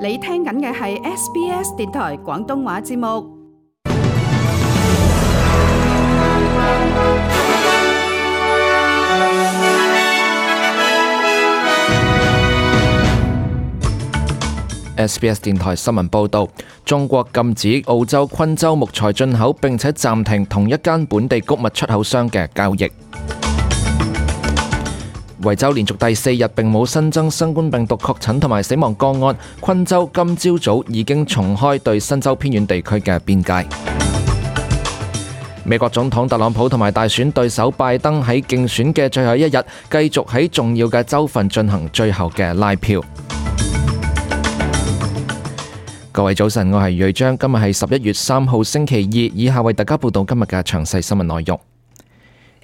你聽緊嘅係 SBS 電台廣東話節目。SBS 電台新聞報道：中國禁止澳洲昆州木材進口，並且暫停同一間本地穀物出口商嘅交易。惠州連續第四日並冇新增新冠病毒確診同埋死亡個案，昆州今朝早，早已經重開對新州偏遠地區嘅邊界。美國總統特朗普同埋大選對手拜登喺競選嘅最後一日，繼續喺重要嘅州份進行最後嘅拉票。各位早晨，我係瑞章，今日係十一月三號星期二，以下為大家報道今日嘅詳細新聞內容。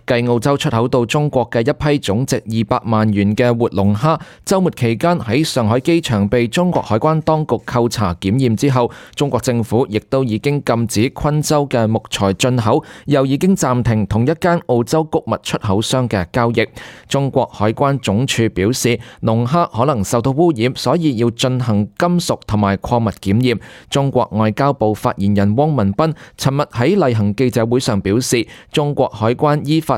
繼澳洲出口到中國嘅一批總值二百萬元嘅活龍蝦，周末期間喺上海機場被中國海關當局扣查檢驗之後，中國政府亦都已經禁止昆州嘅木材進口，又已經暫停同一間澳洲穀物出口商嘅交易。中國海關總署表示，龍蝦可能受到污染，所以要進行金屬同埋礦物檢驗。中國外交部發言人汪文斌尋日喺例行記者會上表示，中國海關依法，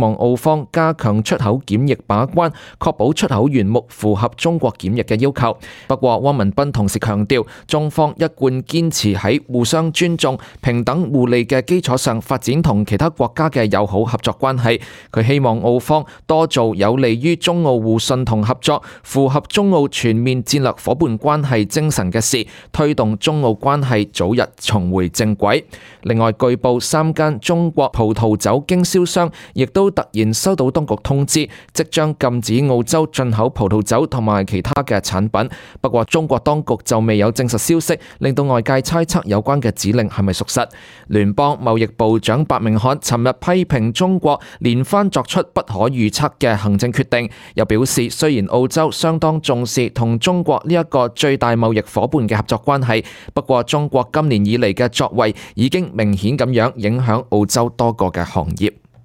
望澳方加強出口檢疫把關，確保出口原木符合中國檢疫嘅要求。不過，汪文斌同時強調，中方一貫堅持喺互相尊重、平等互利嘅基礎上發展同其他國家嘅友好合作關係。佢希望澳方多做有利於中澳互信同合作、符合中澳全面戰略夥伴關係精神嘅事，推動中澳關係早日重回正軌。另外，據報三間中國葡萄酒經銷商亦都突然收到當局通知，即將禁止澳洲進口葡萄酒同埋其他嘅產品。不過中國當局就未有證實消息，令到外界猜測有關嘅指令係咪屬實。聯邦貿易部長白明漢尋日批評中國連番作出不可預測嘅行政決定，又表示雖然澳洲相當重視同中國呢一個最大貿易夥伴嘅合作關係，不過中國今年以嚟嘅作為已經明顯咁樣影響澳洲多個嘅行業。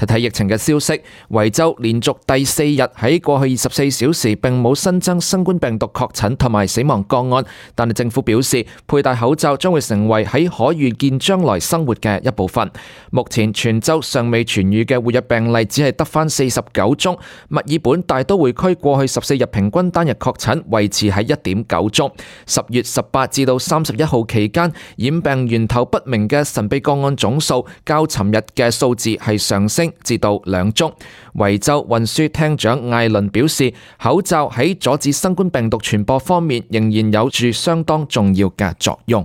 睇睇疫情嘅消息，維州連續第四日喺過去二十四小時並冇新增新冠病毒確診同埋死亡個案，但係政府表示佩戴口罩將會成為喺可預見將來生活嘅一部分。目前全州尚未痊癒嘅活躍病例只係得翻四十九宗。墨爾本大都會區過去十四日平均單日確診維持喺一點九宗。十月十八至到三十一號期間染病源頭不明嘅神秘個案總數較尋日嘅數字係上升。至到兩足，維州運輸廳長艾倫表示，口罩喺阻止新冠病毒傳播方面仍然有住相當重要嘅作用。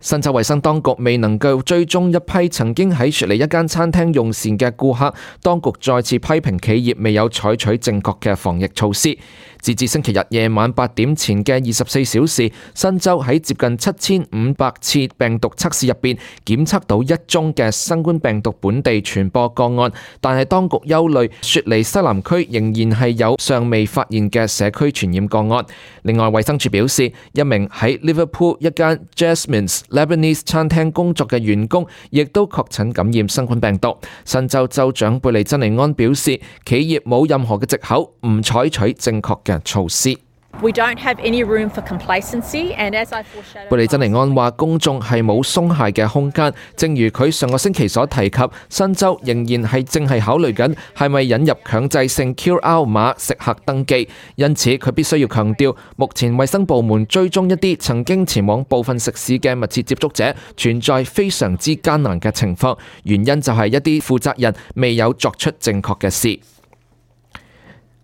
新州衛生當局未能夠追蹤一批曾經喺雪梨一間餐廳用膳嘅顧客，當局再次批評企業未有採取正確嘅防疫措施。截至星期日夜晚八點前嘅二十四小時，新州喺接近七千五百次病毒測試入邊，檢測到一宗嘅新冠病毒本地傳播個案，但係當局憂慮雪梨西南區仍然係有尚未發現嘅社區傳染個案。另外，衛生署表示，一名喺 Liverpool 一間 Jasmine's Lebanese 餐廳工作嘅員工，亦都確診感染新冠病毒。新州州長貝利珍尼安表示，企業冇任何嘅藉口唔採取正確。措施。布里真尼安話：公眾係冇鬆懈嘅空間，正如佢上個星期所提及，新州仍然係正係考慮緊係咪引入強制性 QR 碼食客登記。因此，佢必須要強調，目前衛生部門追蹤一啲曾經前往部分食肆嘅密切接觸者，存在非常之艱難嘅情況，原因就係一啲負責人未有作出正確嘅事。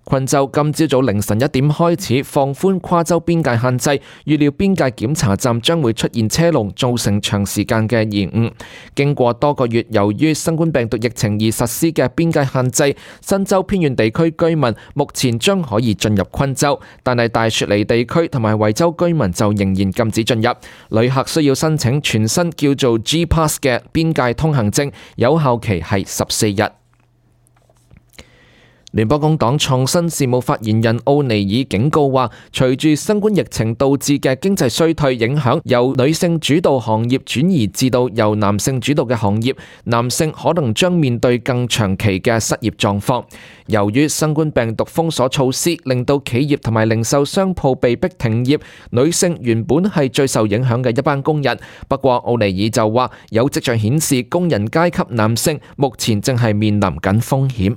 昆州今朝早凌晨一點開始放寬跨州邊界限制，預料邊界檢查站將會出現車龍，造成長時間嘅延誤。經過多個月由於新冠病毒疫情而實施嘅邊界限制，新州偏遠地區居民目前將可以進入昆州，但係大雪梨地區同埋維州居民就仍然禁止進入。旅客需要申請全新叫做 G Pass 嘅邊界通行證，有效期係十四日。聯邦工黨創新事務發言人奧尼爾警告話，隨住新冠疫情導致嘅經濟衰退影響由女性主導行業轉移至到由男性主導嘅行業，男性可能將面對更長期嘅失業狀況。由於新冠病毒封鎖措施令到企業同埋零售商鋪被迫停業,女性原本係最受影響嘅一班工人。不過奧尼爾就話，有跡象顯示工人階級男性目前正係面臨緊風險。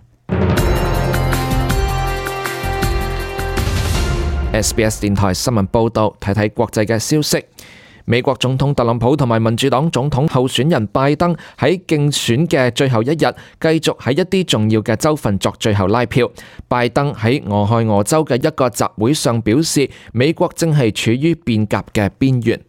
SBS 電台新聞報道，睇睇國際嘅消息。美國總統特朗普同埋民主黨總統候選人拜登喺競選嘅最後一日，繼續喺一啲重要嘅州份作最後拉票。拜登喺俄亥俄州嘅一個集會上表示，美國正係處於變革嘅邊緣。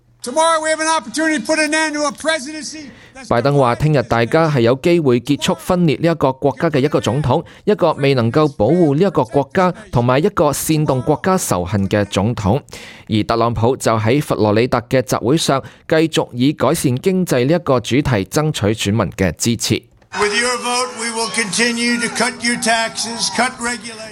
拜登話：聽日大家係有機會結束分裂呢一個國家嘅一個總統，一個未能夠保護呢一個國家同埋一個煽動國家仇恨嘅總統。而特朗普就喺佛羅里達嘅集會上，繼續以改善經濟呢一個主題爭取選民嘅支持。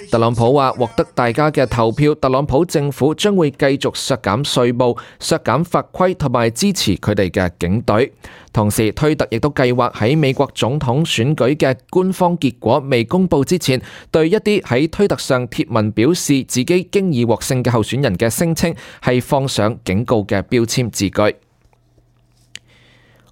特朗普話：獲得大家嘅投票，特朗普政府將會繼續削減稅務、削減法規同埋支持佢哋嘅警隊。同時，推特亦都計劃喺美國總統選舉嘅官方結果未公布之前，對一啲喺推特上貼文表示自己經已獲勝嘅候選人嘅聲稱係放上警告嘅標籤字句。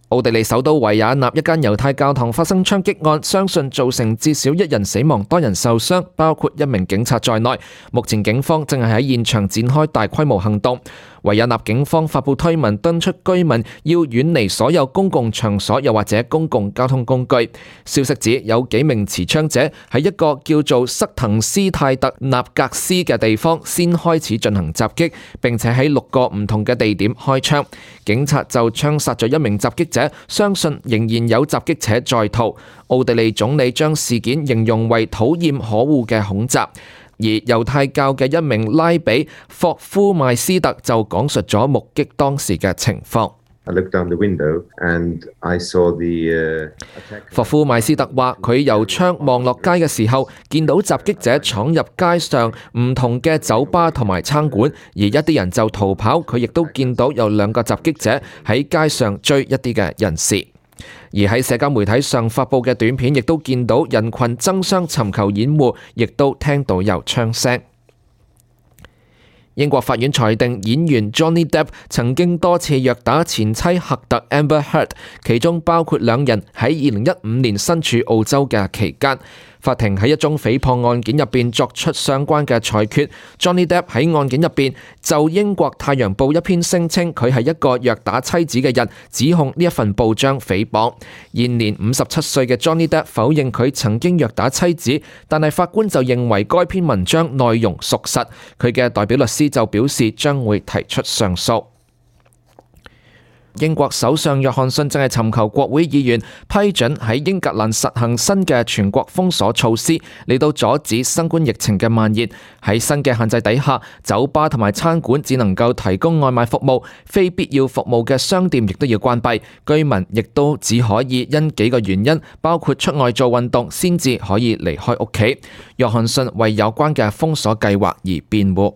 奧地利首都維也納一間猶太教堂發生槍擊案，相信造成至少一人死亡，多人受傷，包括一名警察在內。目前警方正係喺現場展開大規模行動。維也納警方發佈推文敦促居民要遠離所有公共場所又或者公共交通工具。消息指有幾名持槍者喺一個叫做塞滕斯泰特納格斯嘅地方先開始進行襲擊，並且喺六個唔同嘅地點開槍。警察就槍殺咗一名襲擊者，相信仍然有襲擊者在逃。奧地利總理將事件形容為討厭可惡嘅恐襲。而猶太教嘅一名拉比霍夫邁斯特就講述咗目擊當時嘅情況。霍夫邁斯特話，佢由窗望落街嘅時候，見到襲擊者闖入街上唔同嘅酒吧同埋餐館，而一啲人就逃跑。佢亦都見到有兩個襲擊者喺街上追一啲嘅人士。而喺社交媒體上發佈嘅短片，亦都見到人群爭相尋求掩護，亦都聽到有槍聲。英國法院裁定，演員 Johnny Depp 曾經多次虐打前妻赫特 Amber Heard，其中包括兩人喺二零一五年身處澳洲嘅期間。法庭喺一宗誹謗案件入邊作出相關嘅裁決。Johnny Depp 喺案件入邊就英國《太陽報》一篇聲稱佢係一個虐打妻子嘅人，指控呢一份報章誹謗。現年五十七歲嘅 Johnny Depp 否認佢曾經虐打妻子，但係法官就認為該篇文章內容屬實。佢嘅代表律師就表示將會提出上訴。英國首相約翰遜正係尋求國會議員批准喺英格蘭實行新嘅全國封鎖措施，嚟到阻止新冠疫情嘅蔓延。喺新嘅限制底下，酒吧同埋餐館只能夠提供外賣服務，非必要服務嘅商店亦都要關閉。居民亦都只可以因幾個原因，包括出外做運動，先至可以離開屋企。約翰遜為有關嘅封鎖計劃而辯護。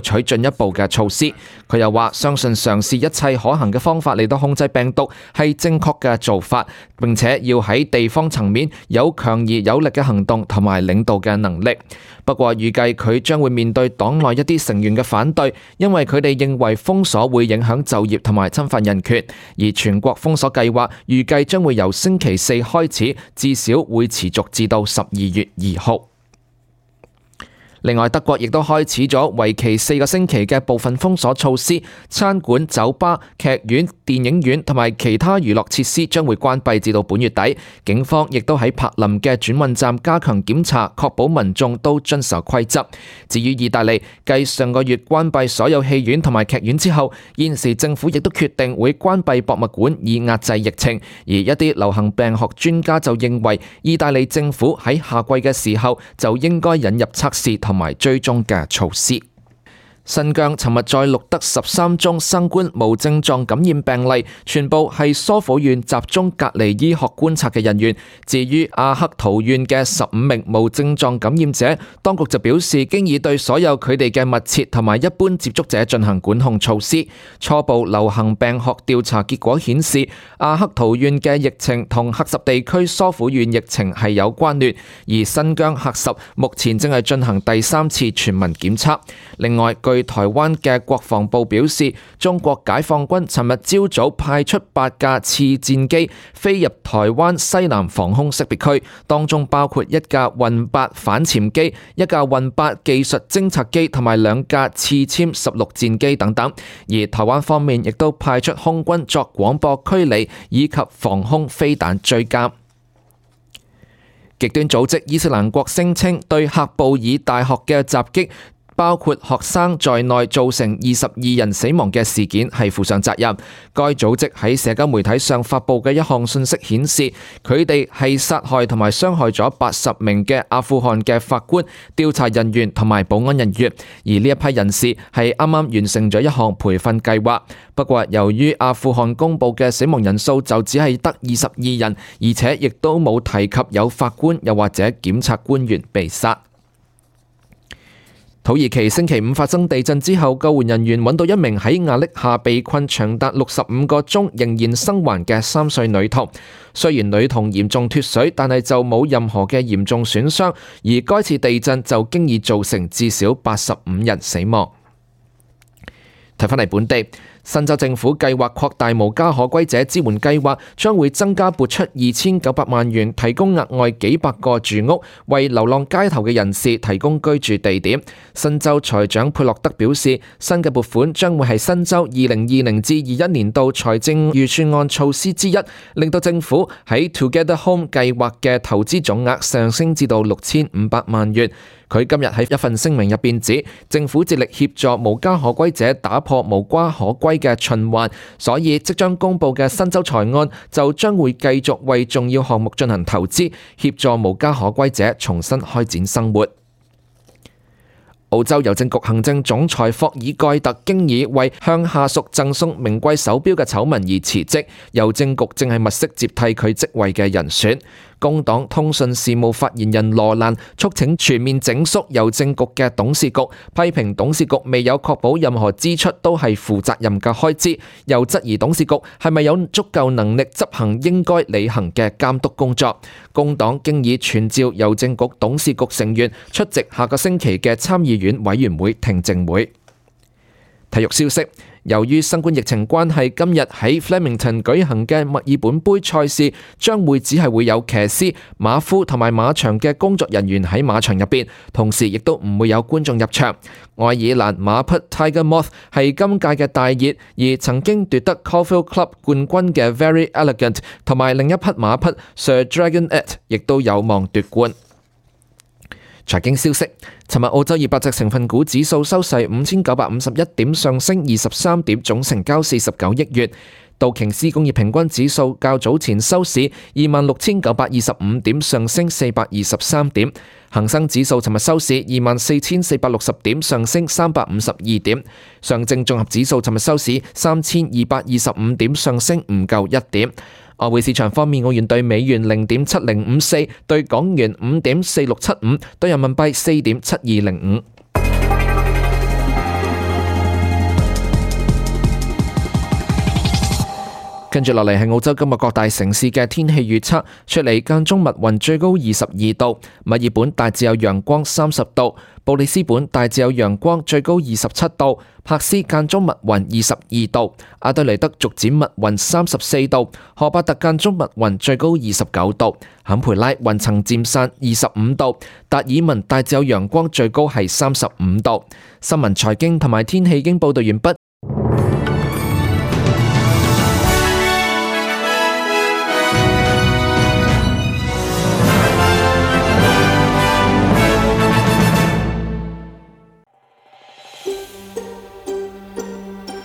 採取進一步嘅措施。佢又話，相信嘗試一切可行嘅方法嚟到控制病毒係正確嘅做法，並且要喺地方層面有強而有力嘅行動同埋領導嘅能力。不過預計佢將會面對黨內一啲成員嘅反對，因為佢哋認為封鎖會影響就業同埋侵犯人權。而全國封鎖計劃預計將會由星期四開始，至少會持續至到十二月二號。另外，德國亦都開始咗為期四個星期嘅部分封鎖措施，餐館、酒吧、劇院、電影院同埋其他娛樂設施將會關閉至到本月底。警方亦都喺柏林嘅轉運站加強檢查，確保民眾都遵守規則。至於意大利，繼上個月關閉所有戲院同埋劇院之後，現時政府亦都決定會關閉博物館以壓制疫情。而一啲流行病學專家就認為，意大利政府喺夏季嘅時候就應該引入測試。同埋追蹤嘅措施。新疆尋日再錄得十三宗新冠無症狀感染病例，全部係疏附縣集中隔離醫學觀察嘅人員。至於阿克陶縣嘅十五名無症狀感染者，當局就表示，經已對所有佢哋嘅密切同埋一般接觸者進行管控措施。初步流行病學調查結果顯示，阿克陶縣嘅疫情同喀什地區疏附縣疫情係有關聯。而新疆喀什目前正係進行第三次全民檢測。另外，佢。據台灣嘅國防部表示，中國解放軍尋日朝早派出八架次戰機飛入台灣西南防空識別區，當中包括一架運八反潛機、一架運八技術偵察機同埋兩架次殲十六戰機等等。而台灣方面亦都派出空軍作廣播驅離以及防空飛彈追擊。極端組織伊斯蘭國聲稱對喀布爾大學嘅襲擊包括學生在內，造成二十二人死亡嘅事件係負上責任。該組織喺社交媒體上發布嘅一項信息顯示，佢哋係殺害同埋傷害咗八十名嘅阿富汗嘅法官、調查人員同埋保安人員。而呢一批人士係啱啱完成咗一項培訓計劃。不過，由於阿富汗公布嘅死亡人數就只係得二十二人，而且亦都冇提及有法官又或者檢察官員被殺。土耳其星期五發生地震之後，救援人員揾到一名喺壓力下被困長達六十五個鐘仍然生還嘅三歲女童。雖然女童嚴重脫水，但係就冇任何嘅嚴重損傷。而該次地震就經已造成至少八十五人死亡。睇翻嚟本地。新州政府計劃擴大無家可歸者支援計劃，將會增加撥出二千九百萬元，提供額外幾百個住屋，為流浪街頭嘅人士提供居住地點。新州財長佩洛德表示，新嘅撥款將會係新州二零二零至二一年度財政預算案措施之一，令到政府喺 Together Home 計劃嘅投資總額上升至到六千五百萬元。佢今日喺一份聲明入邊指，政府致力協助無家可歸者打破無家可歸嘅循環，所以即將公布嘅新州財案就將會繼續為重要項目進行投資，協助無家可歸者重新開展生活。澳洲郵政局行政總裁霍爾蓋特經已為向下屬贈送名貴手錶嘅醜聞而辭職，郵政局正係物色接替佢職位嘅人選。工黨通訊事務發言人羅蘭促請全面整肅郵政局嘅董事局，批評董事局未有確保任何支出都係負責任嘅開支，又質疑董事局係咪有足夠能力執行應該履行嘅監督工作。工黨經已傳召郵政局董事局成員出席下個星期嘅參議院委員會聽證會。體育消息。由於新冠疫情關係，今日喺 Flemington 舉行嘅墨爾本杯賽事，將會只係會有騎師、馬夫同埋馬場嘅工作人員喺馬場入邊，同時亦都唔會有觀眾入場。愛爾蘭馬匹 Tiger Moth 係今屆嘅大熱，而曾經奪得 Caulfield Club 冠軍嘅 Very Elegant 同埋另一匹馬匹 Sir Dragonet 亦都有望奪冠。財經消息，尋日澳洲二百隻成分股指數收市五千九百五十一點，上升二十三點，總成交四十九億元。道瓊斯工業平均指數較早前收市二萬六千九百二十五點，上升四百二十三點。恒生指數尋日收市二萬四千四百六十點，上升三百五十二點。上證綜合指數尋日收市三千二百二十五點，上升唔夠一點。外匯市場方面，澳元兌美元零點七零五四，兌港元五點四六七五，兌人民幣四點七二零五。跟住落嚟係澳洲今日各大城市嘅天氣預測，悉尼間中密雲，最高二十二度；墨爾本大致有陽光，三十度；布里斯本大致有陽光，最高二十七度；帕斯間中密雲，二十二度；阿德萊德逐漸密雲，三十四度；荷伯特間中密雲，最高二十九度；坎培拉雲層漸散，二十五度；達爾文大致有陽光，最高係三十五度。新聞、財經同埋天氣已經報道完畢。